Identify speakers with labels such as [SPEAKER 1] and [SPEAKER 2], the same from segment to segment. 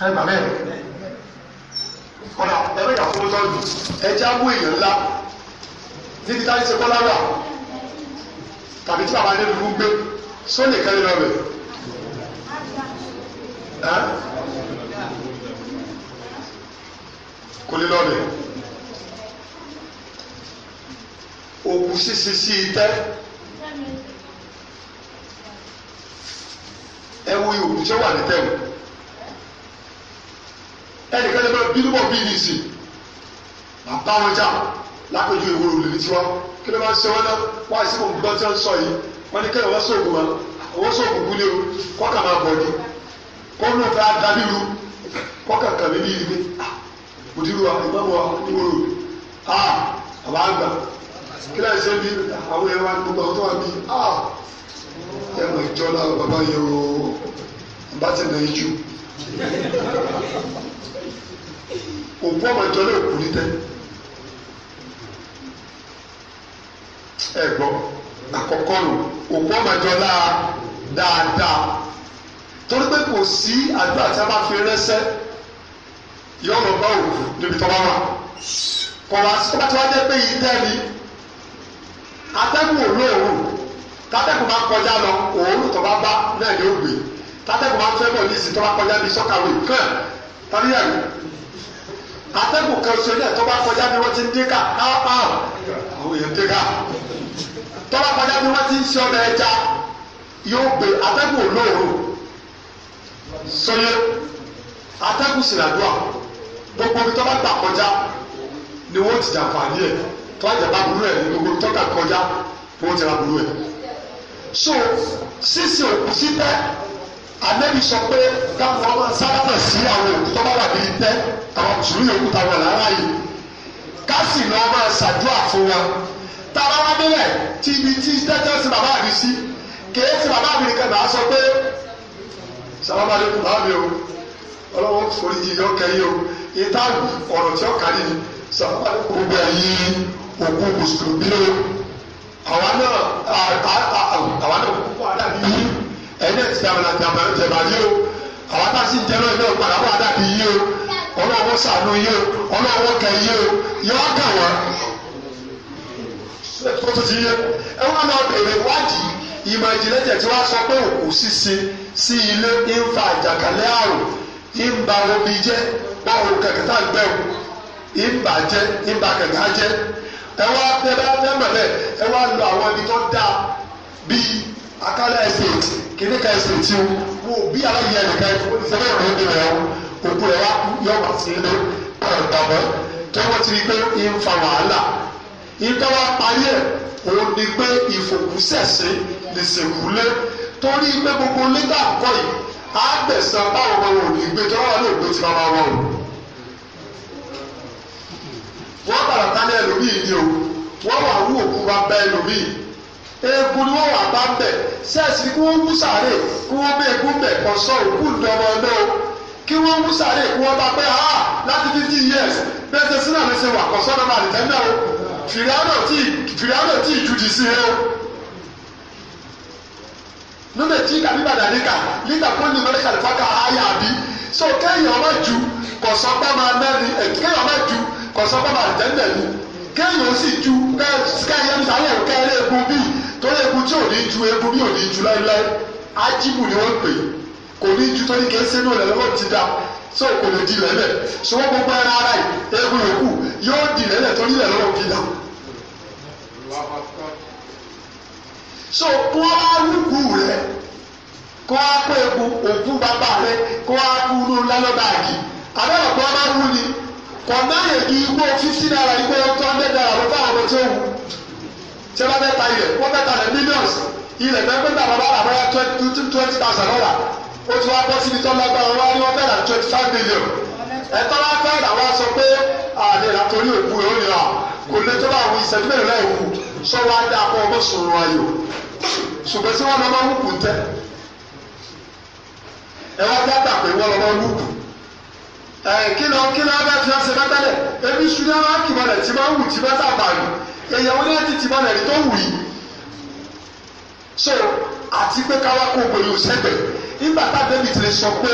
[SPEAKER 1] ẹ gbà bẹ́ẹ̀ kọ́nà ẹgbẹ́ ìyàwó tó tọ́jú ẹjẹ́ abú èèyàn ńlá níbi táyé ṣe kọ́lá wà tàbí tí bàbá nínú gbé sóni kẹ́lẹ́ lọ́bẹ̀ ẹ́ kò lè lọ́bẹ̀ òkú sísè sí i tẹ́ ẹ wo ìhòòhò tí ó wà ní tẹ́wọ̀n ẹnìkan lè máa bínú bọ̀ bíi nìsí bàbá wọn jà lápẹjù ìwúrò lè ní tiwọn kí ló máa ń ṣe wọn náà wáyé sí òun gbọ́n tí wọ́n sọ yìí wọ́n ní kẹ́lẹ́ wọ́n sóògùn wọn owó sóògùn kú ní o kọ́kà máa bọ̀ ni kọ́nù fẹ́ adábíru kọ́kà kàmí ní ìdílé ah, òdìrú wa ìmọ̀mọ̀ ìwúrò a ah, àbá àgbà kí láì ṣe bí àwọn ẹ̀rọ àgbọ̀gbọ̀ tó wà bí a ah, ẹ̀mọ̀ ìjọ náà bàbá yẹ o bátì lè jù òkú ọmọ ìjọ lè kú ní tẹ ẹ gbọ́ àkọ́kọ́ nù òkú ọmọ ìjọ láà dáadáa torí pé kò sí àdúrà tí a bá fi rẹ́sẹ́ yọ ọ̀rọ̀ bá òkú níbi tó bá wà kọ̀wá sí tọ́ba tí wọ́n jẹ́ pé yìí tẹ́ ni atẹ́kùn òru òru tátẹ́kùn bá kọjá lọ òórùn tó bá bá náà ni gbé tátẹ́gùn máa ń fẹ́ bọ̀ ní ìsìn tó bá kọjá bíi sọ́kàwé fẹ́ tàbí ẹ̀rù atẹ́gùn kan ṣe náà tó bá kọjá bí wọ́n ti ń dínkà ápá àwọn èèyàn dínkà tó bá kọjá bí wọ́n ti ń ṣe ọ̀nà ẹja yóò gbé atẹ́gùn olóòrò sọyẹ atẹ́gùn sìràdúà gbogbo ibi tó bá gbà kọjá ni wọ́n ti jàǹfààní ẹ̀ tó bá jàǹfà burú ẹ̀ ní gbogbo tó gbà kọjá wọ́n ti ra burú ẹ̀ so sísè òkú síbẹ̀. Ànábì sọ pé káwọn ọmọ sábà sí àwọn òkú tó bá wà ní ìtẹ́ àwọn mùsùlùmí òkú táwọn lára yìí ká sì lọ máa ṣàdúrà fún wa tára wá délẹ̀ tí ibi tí tẹ́tẹ́ sí bàbá mi sí kèé sí bàbá mi nìkan náà sọ pé sábàbà lè kú bàbá mi o ọlọ́wọ́ forí yìí ọkẹ́ yìí o ìta ọ̀rọ̀ tí ó kárí ni sábàbà lè kú gbogbo ẹ̀yìn òkú mùsùlùmí o àwa náà àwa náà ẹ̀yin ẹ̀sìn àwọn àjàmbá ń jẹba yìí o àwọn tá a sì ń jẹ náà yóò padà wà dàbí yìí o ọlọ́wọ́ sànú yìí o ọlọ́wọ́ kẹ yìí o yóò kà wọ́n tó tó ti yé ẹ wọ́n náà bèrè wádìí ìmọ̀ ìjìnlẹ̀ jẹ̀ tí wọ́n sọ pé òkú ṣíṣe sí ilé ń fa àjàkálẹ̀ àrùn ń ba omi jẹ́ báwo kẹ̀kẹ́ tá à ń gbẹ̀wò ń bà jẹ́ ń ba kẹ̀kẹ́ jẹ́ ẹ wá bẹ́ẹ̀ bá fẹ́ mọ̀ bẹ́ẹ̀ ẹ wá lo àwọn ibi tó dáa bíi akala estate kìnìkà estate tí wo bí aláyẹ ẹnìkan ó ti sẹ́yìn ọ̀rọ̀ ìdílé ẹ̀ òkú ẹ̀ wá yọ̀ wá sí ilé ọ̀rọ̀ ìgbàgbọ́ tó wọ́n ti rí pé ń fa wàhálà ìtọ́wá parí ẹ̀ òun ni pé ìfòkúsẹ̀sìn lè ṣèkúlé torí pé gbogbo lẹ́tà kọ́ yìí á gbẹ̀sán báwọn ọmọ wọn ò ní gbé tọ́wọ́ lè gbé o bàbá wọn o. wọ́n bàrà tálẹ̀ ẹlòmíì ni o wọ́n wà wú òkú bá bá ẹlòmíì egun ni wọ́n wà bá ń bẹ̀ sẹ́ẹ̀sì kí wọ́n wú sàárè kí wọ́n bẹ egun bẹ̀ kọ́ sọ òkú ìdánwò ọ̀nà o kí wọ́n wú sàárè kí wọ́n bá pẹ́ ha láti fifty years bẹ́ẹ̀ ṣe sínú ṣe wà kọ́ sọ́dọ̀ máa nìtẹ́ o fìrìánà tí fìrìánà tí ìjùdì sí i o. nínú ètí ìdàbí bàdà níkà níkà kó ní mẹ́rin kàlífàkà ayé àbí so kéèyàn má ju kọ̀sọ́pá máa mẹ́rin eh, kéèyàn má ju kọ̀sọ́pá máa nìtẹ́ náà kéèyàn sì ju kẹ́ẹ̀yẹ́ mi sáré ẹ̀rọ kẹ́ẹ̀rẹ́ egun bíi tó yẹ kú tí ò ní ju eku bí ò ní ju láéláé ájíbù ni wọ́n pè kò ní ju tó ní kí ẹ ti da so kò lè di lẹ́lẹ̀ ṣùgbọ́n gbogbo ẹran ara yìí eku yòókù yóò di lẹ́lẹ̀ tó nílẹ̀ lọ́wọ́ fi da. so kó wá rúkú rẹ kó wá kó eku òkú bàbá rẹ kó wá kú ló lálọ́ báàgì àbẹ̀wò kó wá bá wú ni kò náà yẹ kí igbó fífi náírà yìí tí wọ́n fẹ́ ta ilẹ̀ wọ́n fẹ́ ta ilẹ̀ millions ilẹ̀ fẹ́ pé bàbá bàbá bàbá twenty twenty thousand dollar ó ti wá bọ́ síbi tó lágbára wá ní wọ́n fẹ́ ra twenty five million ẹ̀tọ́ wá fẹ́ rà wá sọ pé àlè rà torí òkú yóò yà kò lè tó bá àwọn ìṣẹ́jú mẹ́rin náà wù sọ wá dá akọ ọmọ sòrò ayò ṣùgbọ́n tí wọ́n lọ máa ń wùkù tẹ́ ẹ wá dábàá pé wọ́n lọ máa ń wùkù ẹ kí lọ kí lọ bá fi ọsẹ bá tẹ́lẹ̀ ebi ṣúná wá tí máa ń wù tí bá tà bàlù èèyàn wọn náà ti ti máa nàìjíríà tó wù yìí so àti pé káwá kó pẹ̀lú sẹ́gbẹ̀ nígbà tá david lè sọ pé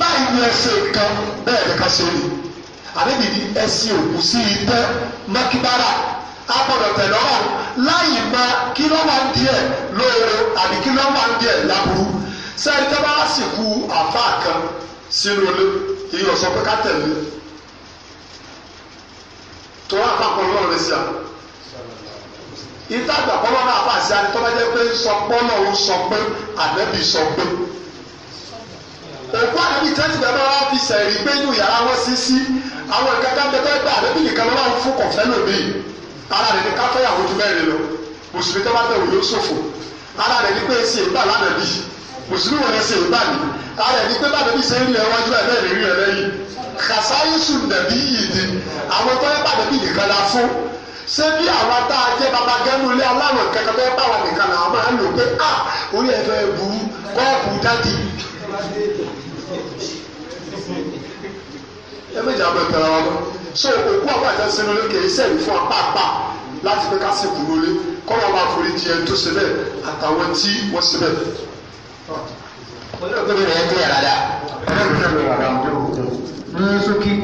[SPEAKER 1] báyìí ni ẹ ṣe nǹkan bẹ́ẹ̀ ni ká ṣe rí àdébì ni ẹ ṣe òkú sí itẹ́ mọ́kíbára agbọ́dọ̀ tẹ̀lé ọ̀hún láyìí ma kí ló máa ń díẹ̀ lóore àbí kí ló máa ń díẹ̀ láburú sẹ́ni tó bá sìnkú àfáà kan sínú ilé ìyọ̀ pé ká tẹ̀lé tó wá pàpọ̀ lọ́rùn sí àwọn ìtajà kọ́lọ́ náà bá ṣe àti tọ́lá jẹ́ pé sọpọ́lọ́ ń sọ pé ànábì sọ pé òkú ànábì tẹ́tì bẹ́ẹ̀ máa fi sẹ̀rí pé inú yàrá wọn sí sí àwọn ìkẹ́kẹ́ ń bẹ́tẹ́ gbé ànábì nìkan lọ́wọ́ fún kọ̀fẹ́ lòdì ara rẹ̀ ní káfẹ́yàwó ju mẹ́rin lọ mùsùlùmí tó bá bẹ̀rù yóò ṣòfò ara rẹ̀ ní pé ṣe ìgbà lánàbì mùsùlùmí wọn ṣe ìgbà ni ara rẹ̀ ní pé bá nàbì ṣe ń lẹ̀ wájú ẹ̀ bẹ́ẹ̀ rí rẹ̀ lẹ́yìn kàṣáyé sùn nàbí yìí ni àwọn tó yẹ bá nàbì nìkan la fún ṣé bí àwa tá a jẹ́ baba gẹ́nu ilé aláwọ̀ kẹta fẹ́ bá wa nìkan làwọn máa ń lò pé a orí ẹ̀ fẹ́ bu kọ́ọ̀bù dájú. ẹ méjì àbọ̀ ìtara wa lọ so òkú ọ̀pá ìtẹ́ sínú ilé kì í sẹ́yìn fún apáapá láti pé ká sì kúrò lé kọ́lọ́ máa forí jẹ tó ṣe bẹ́ẹ̀ àtàwọn tí wọ́n ṣe bẹ́ẹ̀. olóògbé mi rẹ̀ ń gbé yàrá dáa. ẹ ní sókè.